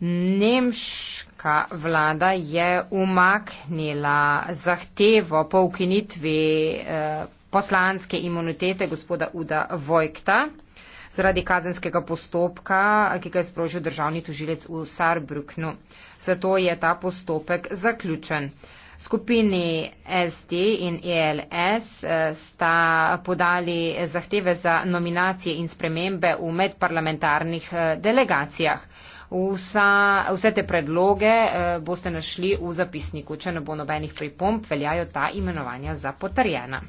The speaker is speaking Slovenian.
Nemška vlada je umaknila zahtevo po ukinitvi eh, poslanske imunitete gospoda Uda Vojkta zaradi kazenskega postopka, ki ga je sprožil državni tužilec v Sarbruknu. Zato je ta postopek zaključen. Skupini SD in ELS eh, sta podali zahteve za nominacije in spremembe v medparlamentarnih eh, delegacijah. Vsa, vse te predloge eh, boste našli v zapisniku. Če ne bo nobenih pripomp, veljajo ta imenovanja za potrjena.